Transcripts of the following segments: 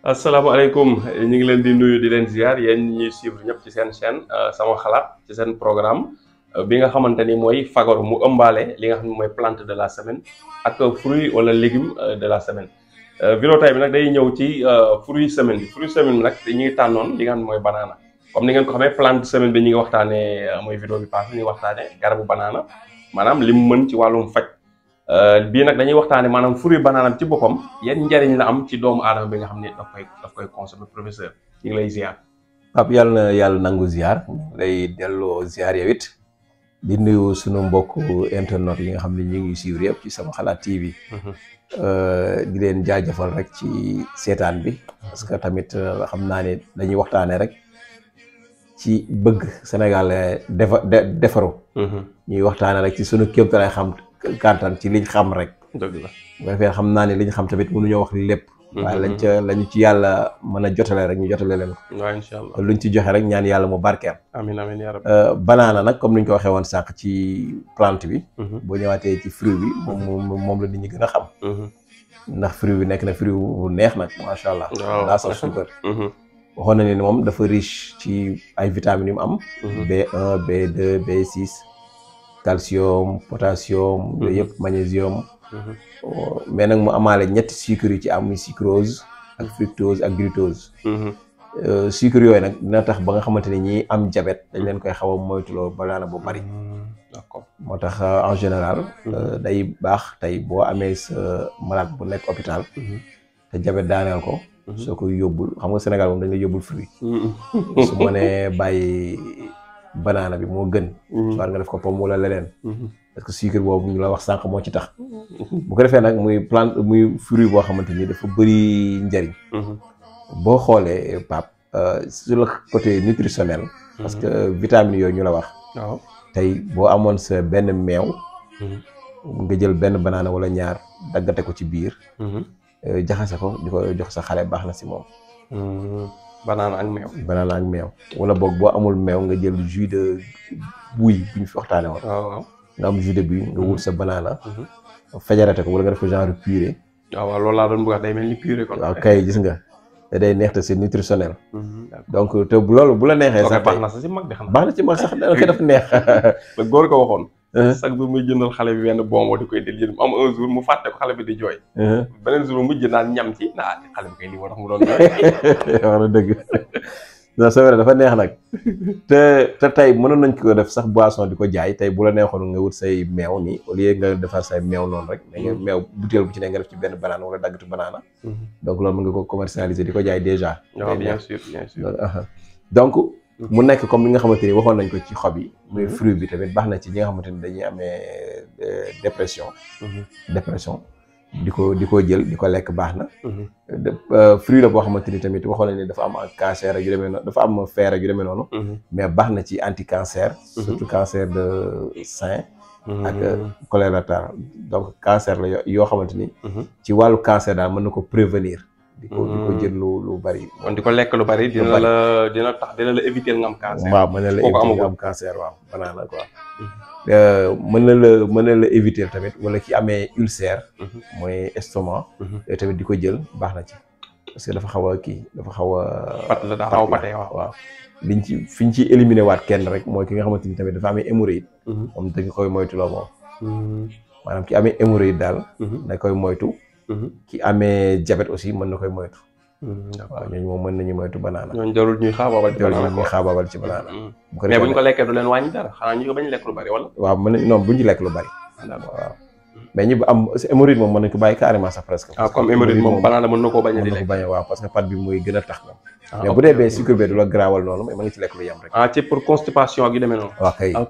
assalamualaikum ñi ngi leen di nuyu di leen ziar yeen ñi eh, suivre ñep ci seen chaîne sama xalaat ci seen programme eh, bi nga xamanteni moy fagor mu ëmbalé li nga xamni moy plante de la semaine ak fruit wala légume eh, de la semaine vidéo tay bi nak day ñëw ci fruit semaine fruit semaine nak nag ñu ngi tànnoon li nga xam ne mooy comme ni ngeen ko xamé plante semaine bi ñi ngi waxtaanee moy vidéo bi passé ñi ngi garabu banana manam lim mën ci walum fajj Euh, bii nag dañuy waxtaane maanaam fruit banaanam ci boppam yan njariñ la am ci doomu aadama bi nga xam ne daf koy daf koy consommer professeur ñu ngi lay ziar Pape yàlla yàlla nangu ziar lay delloo ziar yow it di nuyu sunu mbokk internet yi nga xam ne ñu ngi suivre yëpp ci sama xalaat TV mhm. euh, di leen jaajëfal rek ci seetaan bi parce que tamit euh, xam naa ne dañuy waxtaane rek ci bëgg Sénégal defaru mhm. ñuy waxtaane rek ci sunu kéemtalaay xam kàttan ci liñ xam rek. dëgg la bu defee xam naa ne liñ xam tamit mënuñoo wax lépp. Mhm. waaye lañ ca lañu ci yàlla mën a jotale rek ñu jotale leen ko. waaw incha allah luñ ci joxe rek ñaan yàlla mu barkeel. amiin amiin yaa rabbi. Euh, banaana nag comme ni ñu ko waxee woon sànq ci plante bi. Mhm. boo ñëwaatee ci fruit bi mhm. moom la nit ñi gën a xam. ndax fruit bi nekk na fruit bu neex nag macha allah. waaw daa saf suukar. waxoon na ne moom dafa riche ci ay vitamines yu am. B1 B2 calcium potassium. Mhm. yooyu yëpp magnésium. Mhm. mais nag mu amaale ñetti sucre yu ci am sucrose ak mhm. fructose ak glucose. Euh, sucre yooyu nag dina tax ba nga xamante ne ñi am jabet dañ leen koy xaw a moytuloo ba daana bu bari. d'accord moo tax euh, en général. Euh, day baax tey boo amee sa malade bu nekk hôpital. te jabet daaneel ko. soo koy yóbbul xam nga Sénégal moom dañ lay yóbbul fruit. su ma bàyyi. banaana bi moo gën. Mhm. war nga def ko pomme wala leneen. Mhm. parce que sucre boobu ñu la wax sànq moo ci tax. Mhm. bu ko defee nag muy plante muy fruit boo xamante ni dafa bëri njariñ. boo xoolee pap euh, sur le côté nutritionnel. parce que vitamines yooyu ñu la wax. tey boo amoon sa benn meew. nga jël benn banaana wala ñaar daggate ko ci biir. Euh, jaxase ko di ko jox sa xale baax na si moom. banaana ak meew. banaana ak meew. wala boog boo amul meew nga jël jus de buy bu ñu fi waxtaanee woon. waaw waaw nga am jus de buy nga wut sa banaana. Mhm. fajarate ko wala nga def ko genre purée. waaw laa day mel ni purée kon. kay gis nga. te day neex te c'est nutritionnel. Mhm, donc te bu loolu bu la neexee. sax baax na si xam baax na si mag sax dana ko def neex. te góor Uh-huh. chaque jour muy jëndal xale bi benn bonbon di koy del jël mu am un fàtte ko xale bi di jooy. Uh-huh. beneen jour mu mujj naan ñam ci naa ah, xale bi koy lii wax na dëgg non c'est vrai neex nag te te tey mënoon nañ ko def sax boisson di ko jaay tey bu la neexoon nga wut say meew nii au lieu nga defar say meew noonu rek. da nga mm-hmm. meew butéel bu ci ne nga def ci benn banana wala daggatu banana. Mm-hmm. donc loolu mën nga ko commercialiser di ko jaay déjà. waaw ah, bien sûr bien sûr uh-huh. donc. mu nekk comme li nga xamante ni waxoon nañ ko ci xob yi. muy mhm. fruit bi tamit baax na ci ñi nga xamante ni dañuy amee euh, dépression. Mhm. dépression di ko di ko jël di ko lekk baax na. Mhm. Euh, fruit la boo xamante ni tamit waxoon nañ ne dafa am cancer ak yu deme noonu am fer ak demee noonu. mais baax na ci anti cancer. surtout cancer de sein. ak euh, colorectal donc cancer la yoo xamante ni. ci wàllu cancer daal mën na ko prévenir. di ko mm. jël lu lu bari. kon di ko lekk lu bari dina la dina tax dina la éviter nga am cancer. waaw mën na la waaw banaa la quoi. Euh, mën na la mën la éviter tamit wala ki amee ulcère. Mm-hmm. mooy estomac. Mm-hmm. tamit di ko jël baax na ci. parce que dafa xaw a kii dafa xaw a. pat xaw a patee waaw waaw. liñ ci fi ñu ciy waat kenn rek mooy ki nga xamante ni tamit dafa amee hémorroïde. Mm-hmm. moom dañ koy moytu loo moom. maanaam ki amee hémorroïde daal. da koy moytu. Mhm. ki amee diabète aussi mën na koy moytu. Mhm, waaw ñooñu moom mën nañu moytu banaana. ñooñu jarul ñuy xaabaabal ci banaana mhm. mais bu ñu ko lekkee du leen wàññi dara xanaa ñu ko bañ lekk lu bari waaw parce que pat bi muy gën a tax moom. Ah, bu dee bee sucre bi du la garaawal noonu mais mën nga ci lekk lu yam rek. Ah, ci pour constipation ak yu demee noonu. waaw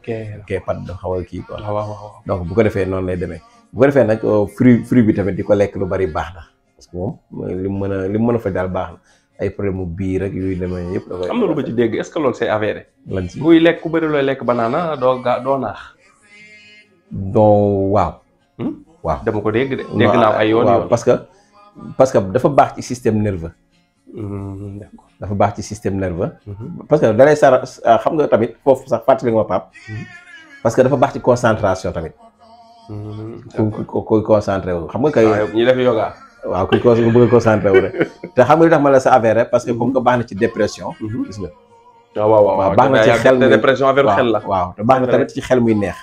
kay pat ah, donc bu ko defee noonu lay demee bu ko defee nag euh, fruit fruit bi tamit di ko lekk lu bari baax na parce que moom li mu mën a li mu mën a fa daal baax na ay problème mu biir ak yooyu demee yëpp. da koy ci dégg est-ce que loolu c'est avéré. lan lekk ku bëri looy lekk banaana doo ga doo naax. donc waaw. Hmm? waaw dama ko dégg de. dégg naa ay parce que parce que dafa baax ci système nerveux. Hmm, dafa baax ci système nerveux. Hmm. parce que da lay sara xam nga tamit foofu sax fàttali nga ma Pape. parce que dafa baax ci concentration tamit. ku kuy concentré wu xam nga kay. ñi def yoga. waaw kuy ko bëgg a concentré wu te xam nga li tax ma la sa avéré parce que comme que baax na ci dépression. gis nga. waaw waaw waaw baax na ci xel muy tamit ci xel muy neex.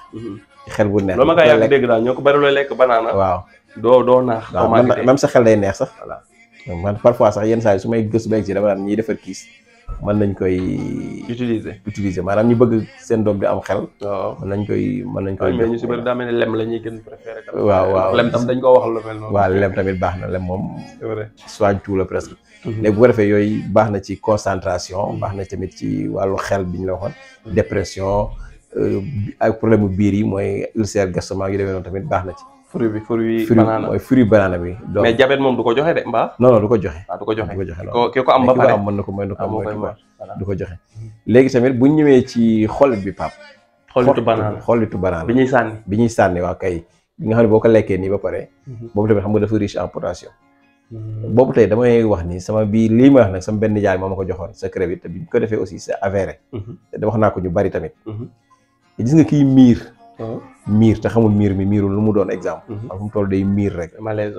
xel bu neex. loolu ma koy yàgg dégg daal ñoo ko bari looy lekk banaana. waaw doo sa xel day neex sax. voilà man parfois sax yenn saa yi su may gëstu beeg si dama daan ñiy defar kiis. mën nañ koy. utiliser utiliser maanaam ñu bëgg seen doom di am xel. waaw mën koy mën nañ koy. mais ñu si bëri daa mel ne lem la ñuy gën waaw waaw lem tam dañ koo wax lu mel lem tamit baax na lem moom. c'est vrai soigne tout la presque. Mhm. léegi bu ko defee yooyu baax na ci concentration. baax na tamit ci wàllu xel bi ñu la waxoon. Mhm. dépression euh, ak problème bu biir yi mooy ulcère gastromage yu demee noonu tamit baax na ci. fruit bi fruit banana mooy fruit banana bi. donc mais jabet moom du ko joxe de mbaa. non du ko joxe. waaw ah, du ko joxe du ko joxe waaw ki ko am ba pare am mën na ko bi ñuy sànni. bi ñuy sànni waa kay bi nga xam ne boo ko lekkee nii ba pare. Mhm. boobu tamit xam nga dafa riche en potassium. Mhm. boobu tey damay wax ni sama bii lii ma wax nag sama benn jaay moo ma ko joxoon secret bi te bi ñu ko defee aussi c'est avéré. Mhm. te wax naa ko ñu bari tamit. gis nga kii miir. Oh. miir te xamul miir mi miirul lu mu doon exemple. xam mhm. fu mu toll day miir rek. malaise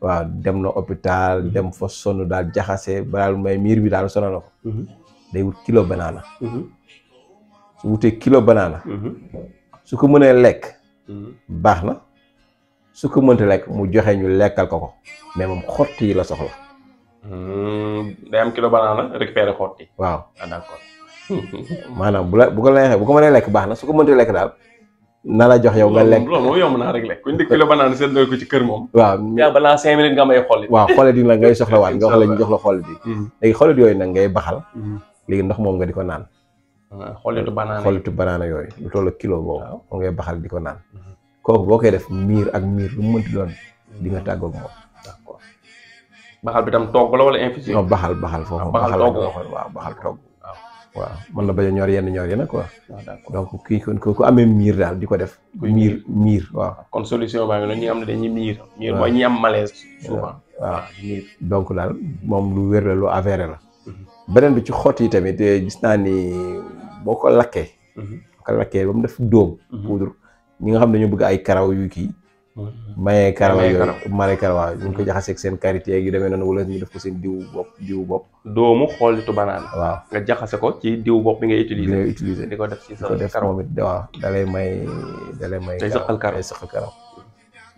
waaw. dem na hôpital mhm. dem fa sonn daal jaxase ba daal may miir bi daal sonal na ko. Mhm. day wut kilo banaana. su kilo banaana. ko mënee lekk. baax na su ko mënta lekk mu joxe ñu lekkal ko ko mais moom xott yi la soxla. Hmm, day am waaw ah d'accord. Hmm. maanaam bu la bu ko neexee bu mënee lekk baax na su ko lekk daal. na la jox yow nga lekk loolu moom yomb naa réglé kuñ dikk kilo banaan seetloo ko ci kër moom waaw yaa balaa cinq minutes nga am ay xollit waaw xollit yi nag ngay soxlawaat nga wax la ñu jox la xollit yi mm-hmm. léegi yooyu nag ngay baxal mm-hmm. léegi ndox moom nga di ko naan xollitu banaana xollitu banaana yooyu lu toll kilo boobu moom ngay baxal di ko naan mm-hmm. kooku boo koy def miir ak miir lu mu mënti doon di nga tàggoog moom d'accord baxal bi tam togg la wala infusion baxal baxal foofu baxal togg waaw baxal togg waaw man na bañ a ñor yenn ñor yi nag ah, donc kii ku ku amee miir daal di ko def. miir miir waaw. Ah, kon solution baa ngi noonu ñi nga xam ne dañuy miir. miir am malaise. souvent waaw ah, miir. donc daal moom lu wér la lu avéré la. Mhm. beneen bi ci xott yi tamit eh, gis naa ni boo ko lakkee. Mhm. boo ko lakkee ba mu def dóom. Mhm. poudre ñi nga xam ne dañoo bëgg ay karaw yu kii. maye karawa yooyu maye karawa ñu ko mm-hmm. jaxaseeg seen karité ak yu demee noonu wala ñu def ko seen diwu bopp diwu bopp doomu xoolitu banaan waaw nga jaxase ko ci diwu bopp bi ngay utiliser bi ngay di ko def ci sa karaw moom it waaw dalay may dalay may day sëqal karaw day sëqal karaw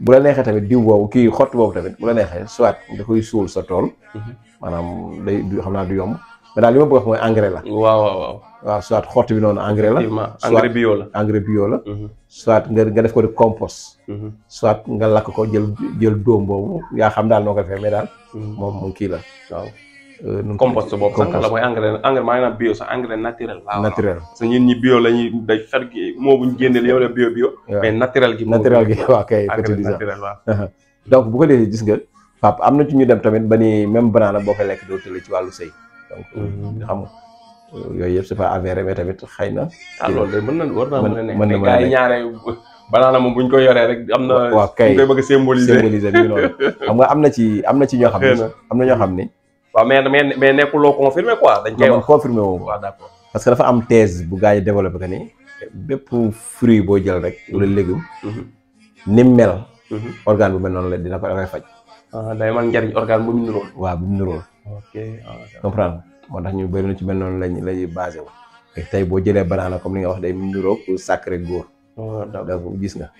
bu la neexee tamit diw boobu kii xott boobu tamit bu la neexee soit da suul sa tool mm-hmm. maanaam day xam naa du yomb daal li ah, ma bëgg wax mooy engrais la. waaw waaw waaw. waaw soit xott bi non engrais la. engrais bio la engrais bio la. soit nga nga def ko di compost. soit nga lak ko jël jël dom bobu ya xam dal noo fe mais dal mom moom ki la waaw. compost bobu sax la moy engrais engrais ma ngi bio sax engrais naturel. la naturel sa que ñun ñi bio lañuy ñuy day xar gi mo bu ñu génneel yow la bio bio. Ya. mais naturel gi. naturel gi wa kay petit disant donc bu ko defee gis nga. pap amna ci ñu dem tamit ba ni même banana la boo koy lekk doo ci walu sey donc mhm. xam nga euh, yooyu yëpp c'est pas avéré na. ah loolu de mën na war naa mën na nekk mën na mën a ñaare banaana ko yoree rek am na. waaw kay koy bëgg a symboliser bi xam nga am na ci am na ci ñoo xam ne. am na ñoo xam ni. waaw mais mais mais nekkuloo confirmé quoi. dañ koy wax confirmé woo waaw d'accord parce que dafa am thèse bu gars yi développé que ni bépp fruit boo jël rek wala mhm. légume. Mhm. ni mel. organe bu mel noonu la dina ko dafay faj. ah day man njariñ organe bu mu niróol. waaw bu mu niróol. ok ah, comprendre moo tax ñu bëri na ci mel noonu lañ lañuy basé wu. léegi boo jëlee banaana comme li nga wax day niroog sacré góor. Oh, donc gis nga.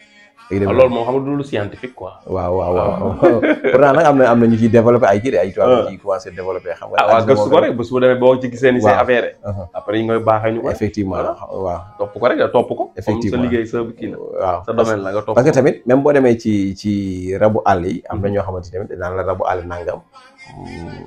Ah, loolu moom xam nga du scientifique quoi. waaw waaw waaw ah. pourtant nag am na am na ñu ciy développé ay kii ay. tubaab yi commencé développé xam nga. ah waaw gëstu ko rek bu su uh-huh. après ñu ngi ñu ko. effectivement waaw. topp ko topp ko. effectivement liggéey sa waaw domaine la nga topp parce que tamit même boo demee ci ci rabu àll yi. am na hmm. ñoo xamante ne tamit daan la rabu àll nangam. Hmm.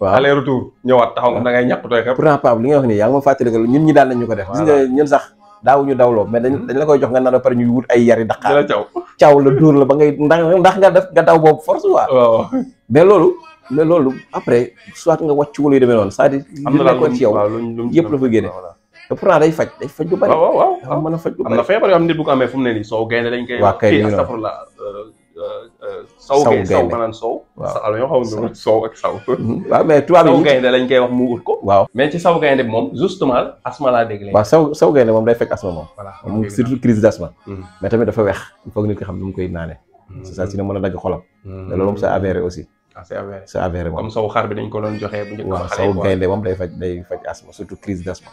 waaw aller retour ñëwaat taxaw nga da ngay ñàkk tooy xep pourtant li nga wax nii yaa ngi ma fàttalikal ñun ñi daan nañu ko def gis nga ñun sax daawuñu dawloo mais dañ hmm. dañ la koy jox nga naan ba pare wut ay yari daqaar caw caw la dóor la ba ngay ndax nga def nga daw boobu force waaw mais loolu mais loolu après soit nga wàcc wala yu demee noonu c'est-à-dire li nekkoon ci yow yëpp la fa génne te pourtant day faj day faj lu bari waaw waaw mën a faj lu bari am nit bu ko amee fu mu ne nii soo dañ koy waaw kay astafurla euh, saw gaynde saw maanaam sow waaw ñoo xam ne sow ak saw waaw mais tubaab yi saw gaynde lañ koy wax mu wut ko waaw mais ci saw gaynde bi moom justement asma laa dégg waaw saw saw gaynde moom day fekk asma moom moom surtout crise d'asthme mais tamit dafa weex il faut que nit ki xam ni mu koy naane c'est ça sinon mën a dagg xolam te loolu moom c'est avéré aussi c'est avéré c'est avéré moom comme saw xar bi dañ ko doon joxee bu njëkk waaw saw gaynde moom day faj day faj asma surtout crise d'asthme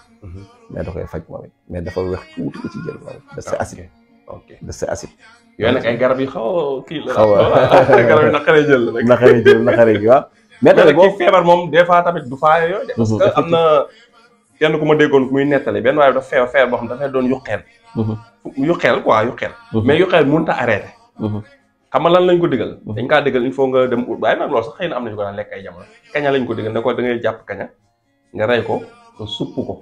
mais da koy faj moom it mais dafa weex tuuti ko ci jël moom c'est acide ok bés si acide. yooyu nag ay garab yu xaw a kii la. xaw a garab yu naqaree jël la. naqaree jël naqaree ji waaw. mais nag kii feebar moom des fois tamit du faa yooyu de. parce que am na kenn ku ma déggoon muy nettali benn waaye dafa feebar feebar boo xam dafay doon yuqeel. yuqeel quoi yuqeel. mais yuqeel mënut a arrêté. xam nga lan lañ ko digal. dañ kaa digal il faut nga dem ut waaye nag loolu sax xëy na am nañu ko daan lekk ay jamono. kaña lañ ko digal ne ko da ngay jàpp kaña nga rey ko nga supp ko.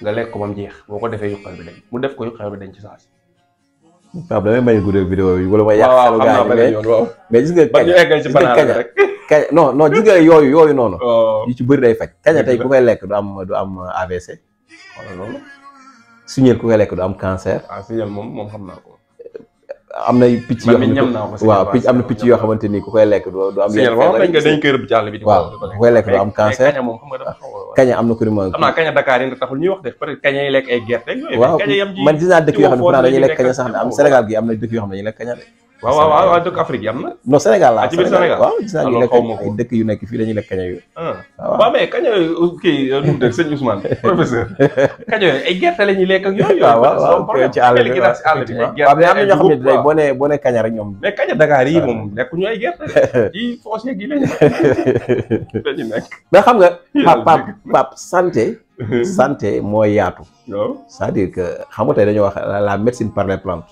nga lekk ko ba jeex boo ko defee yuqeel bi dañ mu def ko yuqeel bi dañ ci saa Pape damay bañ a guddee vidéo yi wala ma yàq. waaw xam naa mais gis nga. ban ñu eggal kaña non non gis nga yooyu yooyu noonu. yu ci bëri day faj. kaña tey ku koy lekk du am du am AVC. ku koy lekk du am cancer. ah am nay picc yoo xamante waaw picc am na picc yoo xamante ni ku koy lekk du am dañ koy rëbb ci àll cancer kaña am na ko ni moom am naa kaña Dakar yi taxul ñuy wax de peut waaw man gis naa dëkk yoo xam ne dañuy lekk kaña sax am Sénégal gi am na dëkk yoo xam ne dañuy lekk kaña de waaw waaw waaw dëkk Afrique yi am na. non Sénégal la ah, Sénégal waaw gis naa ñu lekk ay yu nekk fii dañuy ah. Ah, waaw mais kaña yooyu euh, la ñuy lekk ak yooyu. waaw waaw ci àll bi waaw ci àll bi waaw xam ne kaña rek ñoom. mais xam nga. pap pap pap santé. santé mooy yaatu. c'est-à-dire que xam nga tey dañoo wax la médecine par les plantes.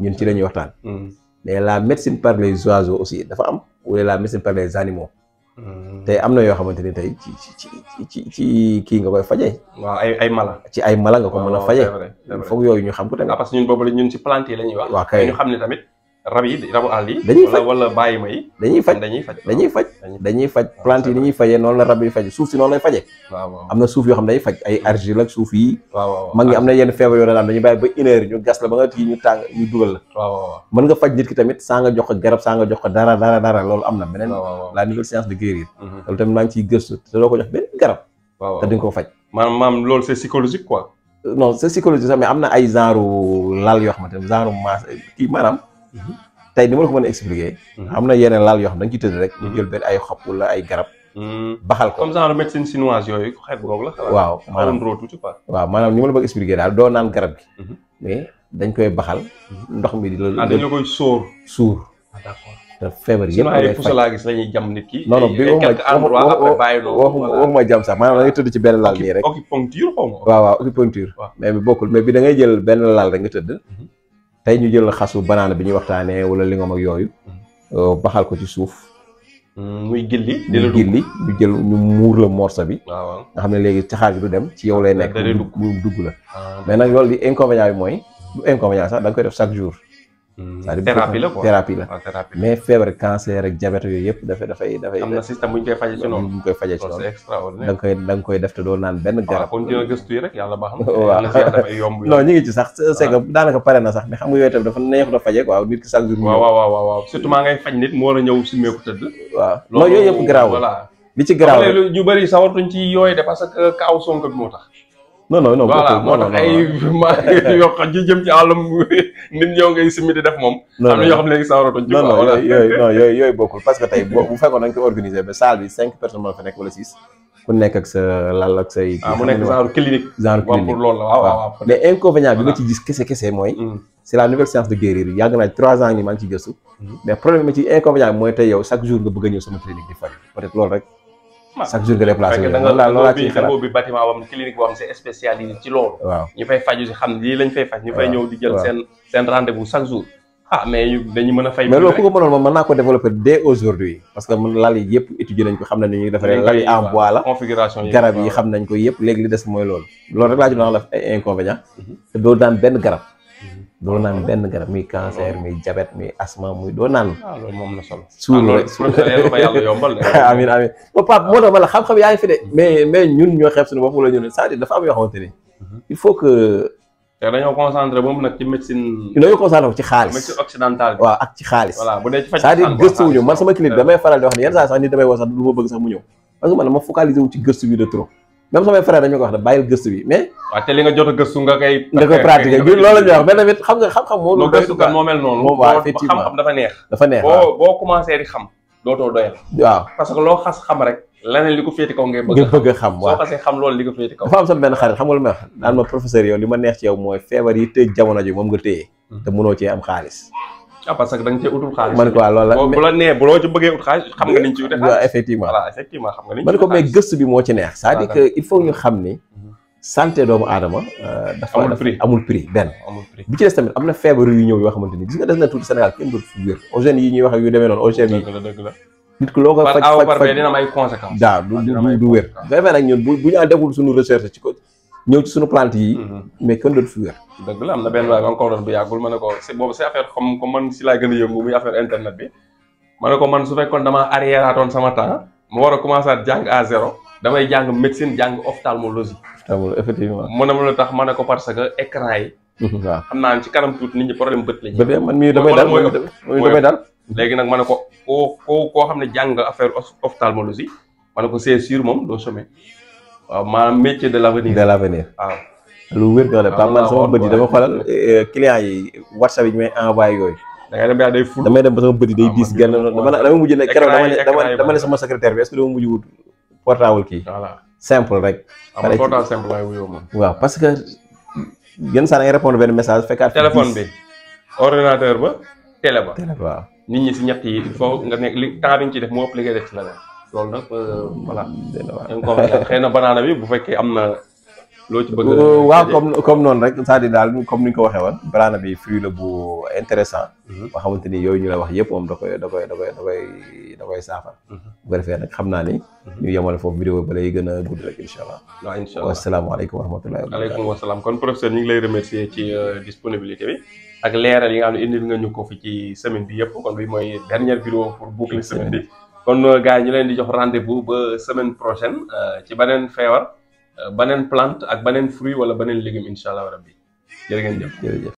ñun ci la ñuy waxtaan hmm. mais la médecine par les aussi dafa am wala la médecine par les animaux. Hmm. tey am na yoo xamante ni tey ci ci ci ci kii nga koy fajee. waaw ay ay mala. ci ay mala nga ko mën a fajee. foog yooyu ñu xam ko tamit. Ah, parce que ñun boobu la ñun ci plante yi la ñuy wax. waaw kay ñu xam ne tamit. rab yi rabu dañuy faj wala bàyyi ma yi. dañuy faj dañuy faj dañuy faj. dañuy faj plante yi ni ñuy fajee noonu la rab yi fajee suuf si noonu lay fajee. waaw am na suuf yoo xam ne day faj ay argile ak suuf yi. waaw waaw mag am na yenn feebar yoo xam dañuy bàyyi ba une heure ñu gas la ba nga tii ñu tàng la. waaw mën nga faj ki tamit saa jox ko garab saa jox ko dara dara dara loolu am na. beneen la nouvelle science de guérir. Mhm. loolu gëstu te doo ko jox benn ko faj. maanaam maam loolu c'est psychologique quoi. non c'est psychologique sax mais am na ay genre lal yoo xamante ne genre masse kii maanaam Mhm. tey ni ma la ko mën a expliquer. Mhm. am na yeneen laal yoo xam da nga ci tëdd rek. ñu mhm. jël benn ay xob wala ay garab. baxal ko comme genre médecine chinoise yooyu xeet la. waaw maanaam xawoon tuuti quoi. waaw la bëgg expliquer daal doo naan garab gi. dañ koy baxal. ndox mi di la. ah dañoo koy sóor. suur. Ah, d'accord te feebar yëpp. ay puso laa gis dañuy jam nit ki. non non bi waxuma jam maanaam da tëdd ci benn laal nii rek. acupuncture xaw ma. waaw waaw acupuncture. mais bi bokkul mais bi da ngay jël benn laal rek nga tëdd. tey ñu jël xasu banaana bi ñuy waxtaanee wala li nga mag yooyu mm-hmm. euh, baxal ko ci suuf mm-hmm. muy gilli di la gilli ñu jël ñu muur la morsa bi ah, nga xam ne léegi caxaar bi du dem ci yow lay ah, nekk mu dugg la ah. mais nag loolu di inconvénient bi mooy du inconvénient sax da nga koy def chaque jour Mm. Ah, thérapie la mais feebar cancer ak yooyu yëpp dafay dafay dafay. am na système bu ñu koy noonu. ñu ngi ci sax c'est que daanaka pare na sax mais xam nga yooyu tamit dafa neex da fajee quoi nit ki chaque jour. waaw waaw waaw waaw surtout maa ngay faj nit mu war a ñëw si meeku tëdd. waaw non yooyu yëpp garaaw. voilà ci garaaw rek ñu bëri sawartuñ ci yooyu de parce que kaaw Sonko bi moo tax non non non voilà moo tax ay ma yoo xam ji jëm ci àllum nit ñëw ngay simiti def moom. am na yoo xam ne léegi sawaratu non non yooyu non yooyu yooyu bokkul parce que tey bu fekkoon da nga ko organisé ba salle bi cinq personnes moo fa nekk wala six. ku nekk ak sa lal ak say. ah mu nekk genre clinique. genre clinique pour loolu la waaw waaw. mais inconvénient bi ma ci gis kese kese mooy. Mm. c'est la nouvelle science de guérir yàgg naa trois ans ni maa ngi ci gëstu. Mm. mais problème bi ci inconvénient bi mooy tey yow chaque jour nga bëgg a ñëw sama clinique di faj peut-être loolu rek. chaque jour nga déplacé wu loolaa ciy xalaat bi bâtiment boo xam ne clinique boo xam loolu ah, mais dañu a fay mais loolu ko mënoon moom mën naa ko développer dès aujourd'hui parce que mën yi ko xam nañ ni ñuy ko yëpp léegi li des mooy loolu loolu rek laa ci doon wax la ay inconvénient mhm. te daan benn garab doo naan ah. benn garab muy cancer muy jabet muy asma muy doo naan. waaw ah, loolu moom na solo. suul ah, rek amiin amiin ba Pape la xam-xam yaa ngi fi de. Mm-hmm. mais mais ñun ñoo xeeb la ñu ne c'est-à-dire dafa am yoo xamante mm-hmm. il faut que. te dañoo concentré moom nag ci médecine. dañoo concentré ci xaalis médecine occidentale waaw ak ci xaalis. voilà bu dee ci faj c'est-à-dire gëstuwuñu man sama clinique damay faral di wax ni yenn saa sax nit damay wax sax lu ma bëgg sax mu ñëw parce que man ma focaliser wu ci gëstu bi de trop même samay frère dañu ko wax ne bàyyil gëstu bi mais. waaw te li nga jot a gëstu nga koy. nga koy pratiquer loolu xam nga xam-xam moo. loolu moom waaw effectivement xam dafa neex. dafa neex waaw boo boo di xam dootoo doyal. waaw parce que loo xas xam rek. leneen li ko féete kaw ngay bëgg xam waaw xam loolu li ko féete kaw dafa am sama benn xarit xam nga lu ma wax daan ma professeur yow li ma neex ci yow mooy feebar yi tëj jamono ji moom nga téye te mënoo cee am xaalis ah parce que da nga cee utul xaalis. man quoi loolu la bu la nee bu loo ci bëggee ut xam nga ko mais gëstu bi moo ci neex. cest à que il faut ñu xam ni. Mhm. santé doomu aadama. Eh, dafa amul prix na feebar wax ak yu demee noonu OGM yi. dëgg du wér. vraiment nag ñun bu ñu deful suñu recherche ci ko ñew ci suñu plante yi mhm. mais kën dootu fi wér dëgg la am na benn waay encore bu yagul ma ko si affaire xam ko man ci la gëna yëngu muy affaire internet bi ma ko man su dama arrière arriéraatoon sama temps mu wara commencer jang at à zéro damay jang médecine jang ophtalmologie effectivement mo na mo tax ma ko parce que écran yi mhm, waaw xam naa ci kanam tout nit ñi problème bëtt lañu bëbé ya, man mi damay dal mooy damay dal légui nak ma ko ko ko xamné jang affaire ophtalmologie ma ko c'est sûr mom do somé waaw maa métier de l' avenir. de l' avenir waaw. lu wér doole parce que man sama bët yi dama xoolal eh, client yi whatsapp yi may envoyé yooyu. da ngay dem damay dem ba sama bët yi day ah, diis genn dama dama mujj ne keroog dama ne dama ne sama secrétaire bi est ce que dama mujj wut portable kii. simple rek. Ah, waaw parce que yenn saa da ngay répondre benn message fekkaat. téléphone bi ordinateur ba télé ba. télé waaw. nit ñi ñett yi nga nekk li temps bi ñu ci def moo ëpp li ngay def ci la loolu nag euh, voilà. xëy na banaana bi bu fekkee am na. loo ci bëgg euh, waaw comme comme noonu rek c'est-à-dire daal comme ni ñu ko waxee woon banaana bi fruit la bu intéressant mhm. ba xamante ni yooyu ñu la wax yëpp moom da koy da koy da koy da koy da koy saafara mhm. bu ko defee nag xam naa ni mhm. ñu yemal foofu vidéo ba lay gën a gudd rek incha allah waaw incha allah wasalaamaaleykum wa rahmatullahi wa barakatuh aleykum wasalaam kon professeur ñu ngi lay remercier ci euh, disponibilité bi ak leeral yi nga xam ne indil nga ñu ko fi ci semaine bi yëpp kon bi mooy dernière vidéo pour boucler semaine bi kon euh, gars yi ñu leen di jox rendez-vous ba semaine prochaine euh, ci beneen feebar euh, neen plante ak beneen fruit wala beneen légume incha allah rabbi jërë ngeen jëf jërëjëf